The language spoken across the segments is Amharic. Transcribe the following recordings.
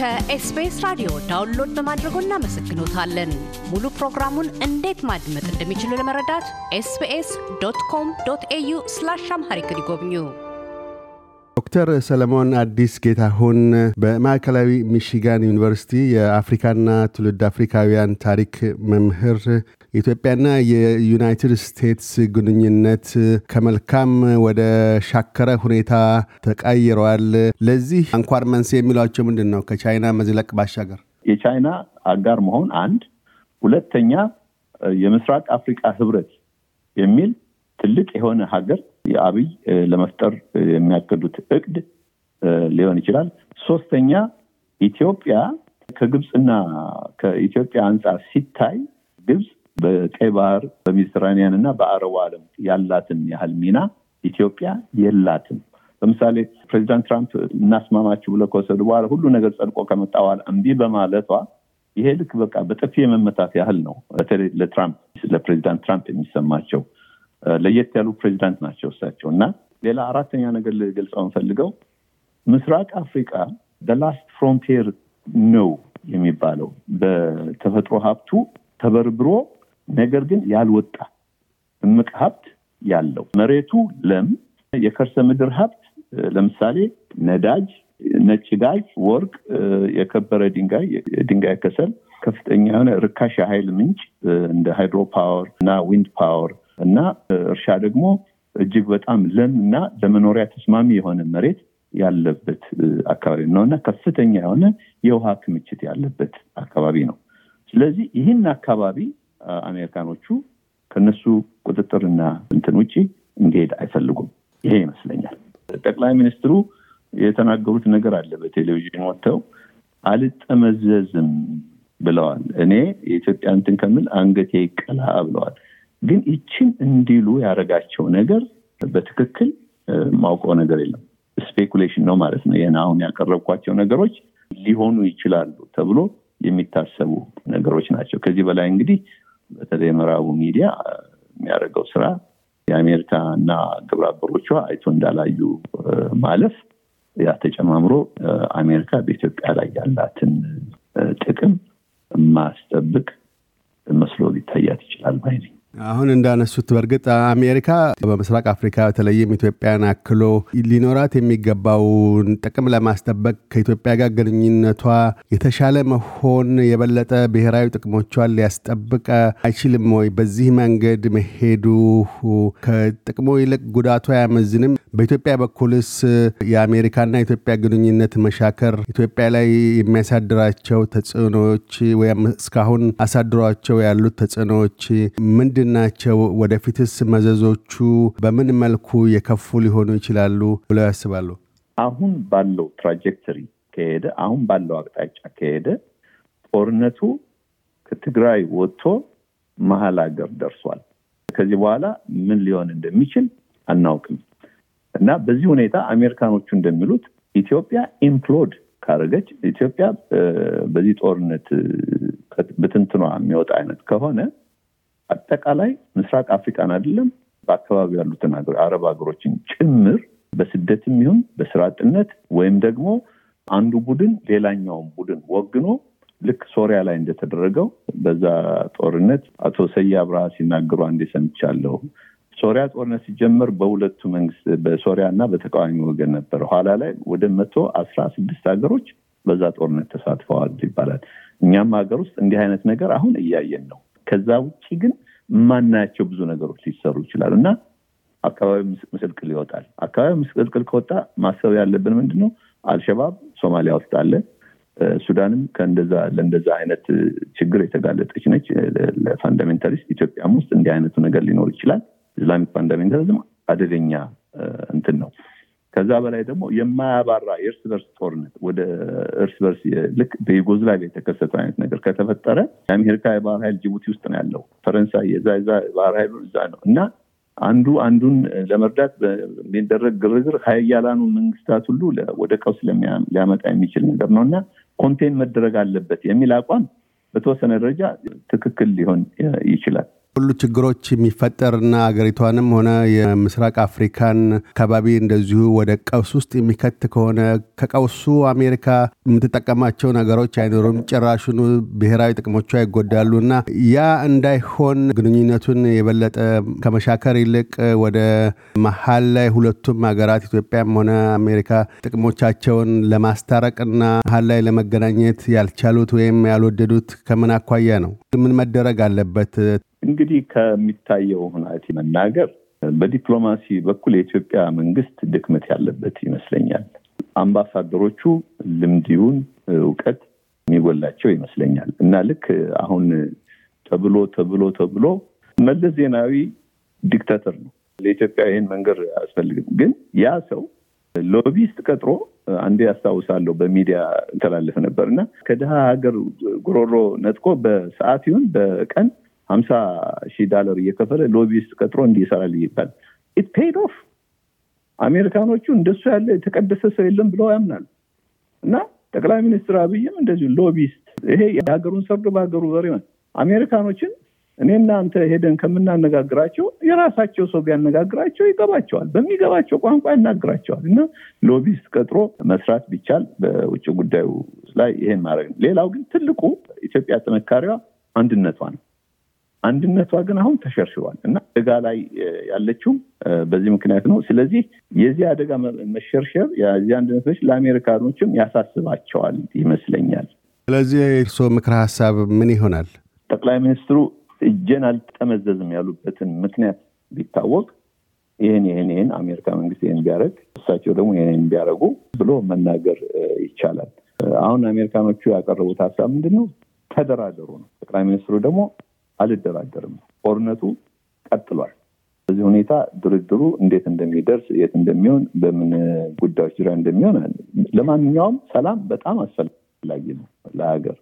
ከኤስቢኤስ ራዲዮ ዳውንሎድ በማድረጎ እናመሰግኖታለን። ሙሉ ፕሮግራሙን እንዴት ማድመጥ እንደሚችሉ ለመረዳት ኤስቢኤስ ዶት ኮም ዶት ኤዩ ስላሽ አምሃሪክ ይጎብኙ። ዶክተር ሰለሞን አዲስ ጌታሁን በማዕከላዊ ሚሽጋን ዩኒቨርሲቲ የአፍሪካና ትውልድ አፍሪካውያን ታሪክ መምህር ኢትዮጵያና የዩናይትድ ስቴትስ ግንኙነት ከመልካም ወደ ሻከረ ሁኔታ ተቃይረዋል። ለዚህ አንኳር መንስኤ የሚሏቸው ምንድን ነው? ከቻይና መዝለቅ ባሻገር የቻይና አጋር መሆን አንድ፣ ሁለተኛ የምስራቅ አፍሪካ ህብረት የሚል ትልቅ የሆነ ሀገር የአብይ ለመፍጠር የሚያቅዱት እቅድ ሊሆን ይችላል። ሶስተኛ ኢትዮጵያ ከግብፅና ከኢትዮጵያ አንጻር ሲታይ ግብፅ በቀይ ባህር በሜዲትራኒያን እና በአረቡ ዓለም ያላትን ያህል ሚና ኢትዮጵያ የላትም። ለምሳሌ ፕሬዚዳንት ትራምፕ እናስማማችሁ ብለ ከወሰዱ በኋላ ሁሉ ነገር ጸድቆ ከመጣ በኋላ እምቢ በማለቷ ይሄ ልክ በቃ በጥፊ የመመታት ያህል ነው። በተለይ ለትራምፕ ለፕሬዚዳንት ትራምፕ የሚሰማቸው ለየት ያሉ ፕሬዚዳንት ናቸው እሳቸው እና ሌላ አራተኛ ነገር ልገልጸው የምፈልገው ምስራቅ አፍሪካ ደላስት ፍሮንቲር ነው የሚባለው በተፈጥሮ ሀብቱ ተበርብሮ ነገር ግን ያልወጣ እምቅ ሀብት ያለው መሬቱ ለም የከርሰ ምድር ሀብት ለምሳሌ ነዳጅ፣ ነጭ ጋዝ፣ ወርቅ፣ የከበረ ድንጋይ፣ ድንጋይ ከሰል ከፍተኛ የሆነ ርካሽ የሀይል ምንጭ እንደ ሃይድሮ ፓወር እና ዊንድ ፓወር እና እርሻ ደግሞ እጅግ በጣም ለም እና ለመኖሪያ ተስማሚ የሆነ መሬት ያለበት አካባቢ ነው እና ከፍተኛ የሆነ የውሃ ክምችት ያለበት አካባቢ ነው። ስለዚህ ይህን አካባቢ አሜሪካኖቹ ከነሱ ቁጥጥርና እንትን ውጭ እንዲሄድ አይፈልጉም። ይሄ ይመስለኛል። ጠቅላይ ሚኒስትሩ የተናገሩት ነገር አለ። በቴሌቪዥን ወጥተው አልጠመዘዝም ብለዋል። እኔ የኢትዮጵያ እንትን ከምል አንገቴ ይቀላ ብለዋል። ግን ይችን እንዲሉ ያደረጋቸው ነገር በትክክል ማውቀው ነገር የለም። ስፔኩሌሽን ነው ማለት ነው። ይህን አሁን ያቀረብኳቸው ነገሮች ሊሆኑ ይችላሉ ተብሎ የሚታሰቡ ነገሮች ናቸው። ከዚህ በላይ እንግዲህ በተለይ የምዕራቡ ሚዲያ የሚያደርገው ስራ የአሜሪካ እና አበሮቿ አይቶ እንዳላዩ ማለፍ ያ ተጨማምሮ አሜሪካ በኢትዮጵያ ላይ ያላትን ጥቅም ማስጠብቅ መስሎ ሊታያት ይችላል ባይ አሁን እንዳነሱት በእርግጥ አሜሪካ በምስራቅ አፍሪካ በተለይም ኢትዮጵያን አክሎ ሊኖራት የሚገባውን ጥቅም ለማስጠበቅ ከኢትዮጵያ ጋር ግንኙነቷ የተሻለ መሆን የበለጠ ብሔራዊ ጥቅሞቿን ሊያስጠብቅ አይችልም ወይ? በዚህ መንገድ መሄዱ ከጥቅሙ ይልቅ ጉዳቱ አያመዝንም? በኢትዮጵያ በኩልስ የአሜሪካና የኢትዮጵያ ግንኙነት መሻከር ኢትዮጵያ ላይ የሚያሳድራቸው ተጽዕኖዎች ወይም እስካሁን አሳድሯቸው ያሉት ተጽዕኖዎች ምንድን ናቸው ወደፊትስ መዘዞቹ በምን መልኩ የከፉ ሊሆኑ ይችላሉ ብለው ያስባሉ? አሁን ባለው ትራጀክተሪ ከሄደ አሁን ባለው አቅጣጫ ከሄደ ጦርነቱ ከትግራይ ወጥቶ መሀል ሀገር ደርሷል። ከዚህ በኋላ ምን ሊሆን እንደሚችል አናውቅም እና በዚህ ሁኔታ አሜሪካኖቹ እንደሚሉት ኢትዮጵያ ኢምፕሎድ ካደረገች ኢትዮጵያ በዚህ ጦርነት ብትንትኗ የሚወጣ አይነት ከሆነ አጠቃላይ ምስራቅ አፍሪካን አይደለም በአካባቢ ያሉትን አረብ ሀገሮችን ጭምር በስደትም ይሁን በስራ አጥነት ወይም ደግሞ አንዱ ቡድን ሌላኛውን ቡድን ወግኖ ልክ ሶሪያ ላይ እንደተደረገው በዛ ጦርነት አቶ ሰያ አብርሃ ሲናገሩ አንዴ ሰምቻለሁ። ሶሪያ ጦርነት ሲጀመር በሁለቱ መንግስት በሶሪያ እና በተቃዋሚ ወገን ነበር። ኋላ ላይ ወደ መቶ አስራ ስድስት ሀገሮች በዛ ጦርነት ተሳትፈዋል ይባላል። እኛም ሀገር ውስጥ እንዲህ አይነት ነገር አሁን እያየን ነው። ከዛ ውጭ ግን ማናያቸው ብዙ ነገሮች ሊሰሩ ይችላሉ እና አካባቢ ምስቅልቅል ይወጣል። አካባቢ ምስቅልቅል ከወጣ ማሰብ ያለብን ምንድን ነው? አልሸባብ ሶማሊያ ውስጥ አለ። ሱዳንም ከእንደዛ ለእንደዛ አይነት ችግር የተጋለጠች ነች። ለፋንዳሜንታሊስት ኢትዮጵያም ውስጥ እንዲህ አይነቱ ነገር ሊኖር ይችላል። ኢስላሚክ ፋንዳሜንታሊዝም አደገኛ እንትን ነው። ከዛ በላይ ደግሞ የማያባራ የእርስ በርስ ጦርነት ወደ እርስ በርስ ልክ በዩጎዝላቪያ የተከሰተው አይነት ነገር ከተፈጠረ የአሜሪካ የባህር ኃይል ጅቡቲ ውስጥ ነው ያለው። ፈረንሳይ የዛ ዛ ባህር ኃይሉ እዛ ነው እና አንዱ አንዱን ለመርዳት የሚደረግ ግርግር ሀያላኑ መንግስታት ሁሉ ወደ ቀውስ ሊያመጣ የሚችል ነገር ነው እና ኮንቴን መደረግ አለበት የሚል አቋም በተወሰነ ደረጃ ትክክል ሊሆን ይችላል። ሁሉ ችግሮች የሚፈጠርና አገሪቷንም ሆነ የምስራቅ አፍሪካን አካባቢ እንደዚሁ ወደ ቀውስ ውስጥ የሚከት ከሆነ ከቀውሱ አሜሪካ የምትጠቀማቸው ነገሮች አይኖሩም፣ ጭራሹን ብሔራዊ ጥቅሞቿ ይጎዳሉ እና ያ እንዳይሆን ግንኙነቱን የበለጠ ከመሻከር ይልቅ ወደ መሀል ላይ ሁለቱም ሀገራት ኢትዮጵያም ሆነ አሜሪካ ጥቅሞቻቸውን ለማስታረቅና መሀል ላይ ለመገናኘት ያልቻሉት ወይም ያልወደዱት ከምን አኳያ ነው? ምን መደረግ አለበት? እንግዲህ ከሚታየው ሁናቴ መናገር በዲፕሎማሲ በኩል የኢትዮጵያ መንግስት ድክመት ያለበት ይመስለኛል። አምባሳደሮቹ ልምድውን እውቀት የሚጎላቸው ይመስለኛል እና ልክ አሁን ተብሎ ተብሎ ተብሎ መለስ ዜናዊ ዲክታተር ነው። ለኢትዮጵያ ይህን መንገድ አያስፈልግም። ግን ያ ሰው ሎቢስት ቀጥሮ አንዴ ያስታውሳለሁ በሚዲያ ተላለፈ ነበር እና ከድሃ ሀገር ጉሮሮ ነጥቆ በሰዓት ይሁን በቀን ሀምሳ ሺህ ዳለር እየከፈለ ሎቢስት ቀጥሮ እንዲህ ይሰራል ይባል ኢት ፔድ ኦፍ አሜሪካኖቹ እንደሱ ያለ የተቀደሰ ሰው የለም ብለው ያምናል እና ጠቅላይ ሚኒስትር አብይም እንደዚሁ ሎቢስት ይሄ የሀገሩን ሰርዶ በሀገሩ ወሬ አሜሪካኖችን እኔና አንተ ሄደን ከምናነጋግራቸው የራሳቸው ሰው ቢያነጋግራቸው ይገባቸዋል። በሚገባቸው ቋንቋ ያናግራቸዋል። እና ሎቢስት ቀጥሮ መስራት ቢቻል በውጭ ጉዳዩ ላይ ይሄን ማድረግ ነው። ሌላው ግን ትልቁ ኢትዮጵያ ጥንካሬዋ አንድነቷ ነው። አንድነቷ ግን አሁን ተሸርሽሯል እና አደጋ ላይ ያለችው በዚህ ምክንያት ነው። ስለዚህ የዚህ አደጋ መሸርሸር የዚህ አንድነቶች ለአሜሪካኖችም ያሳስባቸዋል ይመስለኛል። ስለዚህ የእርስዎ ምክረ ሀሳብ ምን ይሆናል? ጠቅላይ ሚኒስትሩ እጄን አልጠመዘዝም ያሉበትን ምክንያት ቢታወቅ ይህን ይህን ይህን አሜሪካ መንግስት ይህን ቢያደረግ እሳቸው ደግሞ ይህን ቢያደረጉ ብሎ መናገር ይቻላል። አሁን አሜሪካኖቹ ያቀረቡት ሀሳብ ምንድን ነው? ተደራደሩ ነው። ጠቅላይ ሚኒስትሩ ደግሞ አልደራደርም። ጦርነቱ ቀጥሏል። በዚህ ሁኔታ ድርድሩ እንዴት እንደሚደርስ የት እንደሚሆን በምን ጉዳዮች ዙሪያ እንደሚሆን ለማንኛውም ሰላም በጣም አስፈላጊ ነው ለሀገር።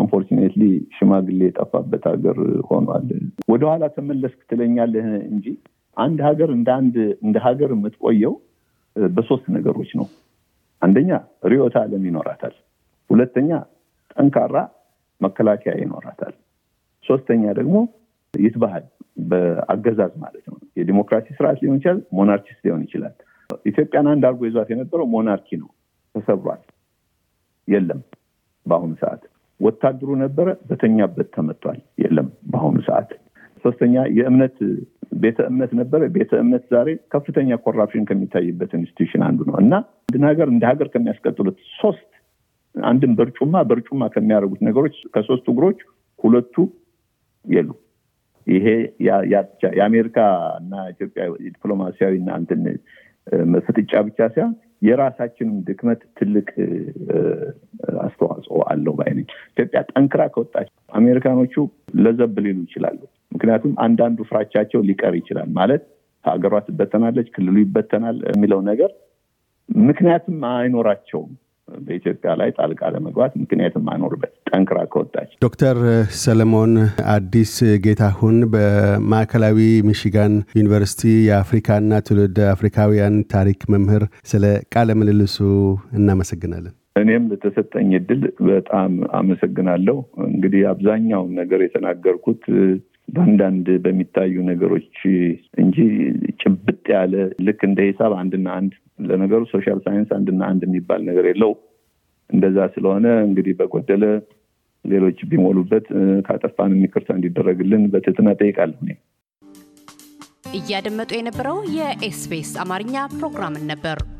አንፎርቹኔትሊ ሽማግሌ የጠፋበት ሀገር ሆኗል። ወደኋላ ተመለስክ ትለኛለህ እንጂ አንድ ሀገር እንደ አንድ እንደ ሀገር የምትቆየው በሶስት ነገሮች ነው። አንደኛ ርዕዮተ ዓለም ይኖራታል። ሁለተኛ ጠንካራ መከላከያ ይኖራታል። ሶስተኛ ደግሞ ይትባሃል በአገዛዝ ማለት ነው። የዲሞክራሲ ስርዓት ሊሆን ይችላል፣ ሞናርኪስት ሊሆን ይችላል። ኢትዮጵያን አንድ አርጎ ይዟት የነበረው ሞናርኪ ነው። ተሰብሯል፣ የለም። በአሁኑ ሰዓት ወታደሩ ነበረ፣ በተኛበት ተመቷል፣ የለም። በአሁኑ ሰዓት ሶስተኛ የእምነት ቤተ እምነት ነበረ። ቤተ እምነት ዛሬ ከፍተኛ ኮራፕሽን ከሚታይበት ኢንስቲቱሽን አንዱ ነው እና ሀገር እንደ ሀገር ከሚያስቀጥሉት ሶስት አንድም በርጩማ በርጩማ ከሚያደርጉት ነገሮች ከሶስቱ እግሮች ሁለቱ የሉ ይሄ የአሜሪካ እና ኢትዮጵያ ዲፕሎማሲያዊ እና እንትን ፍጥጫ ብቻ ሳይሆን የራሳችንም ድክመት ትልቅ አስተዋጽኦ አለው ባይ ኢትዮጵያ ጠንክራ ከወጣች አሜሪካኖቹ ለዘብ ሊሉ ይችላሉ። ምክንያቱም አንዳንዱ ፍራቻቸው ሊቀር ይችላል ማለት ሀገሯ ትበተናለች፣ ክልሉ ይበተናል የሚለው ነገር ምክንያትም አይኖራቸውም። በኢትዮጵያ ላይ ጣልቃ ለመግባት ምክንያት አይኖርበት ጠንክራ ከወጣች። ዶክተር ሰለሞን አዲስ ጌታሁን በማዕከላዊ ሚሽጋን ዩኒቨርሲቲ የአፍሪካና ትውልድ አፍሪካውያን ታሪክ መምህር፣ ስለ ቃለ ምልልሱ እናመሰግናለን። እኔም ለተሰጠኝ እድል በጣም አመሰግናለሁ። እንግዲህ አብዛኛውን ነገር የተናገርኩት በአንዳንድ በሚታዩ ነገሮች እንጂ ጭብጥ ያለ ልክ እንደ ሂሳብ አንድና አንድ ለነገሩ ሶሻል ሳይንስ አንድና አንድ የሚባል ነገር የለው። እንደዛ ስለሆነ እንግዲህ በጎደለ ሌሎች ቢሞሉበት ካጠፋንም ይቅርታ እንዲደረግልን በትትና ጠይቃለሁ። እያደመጡ የነበረው የኤስቢኤስ አማርኛ ፕሮግራምን ነበር።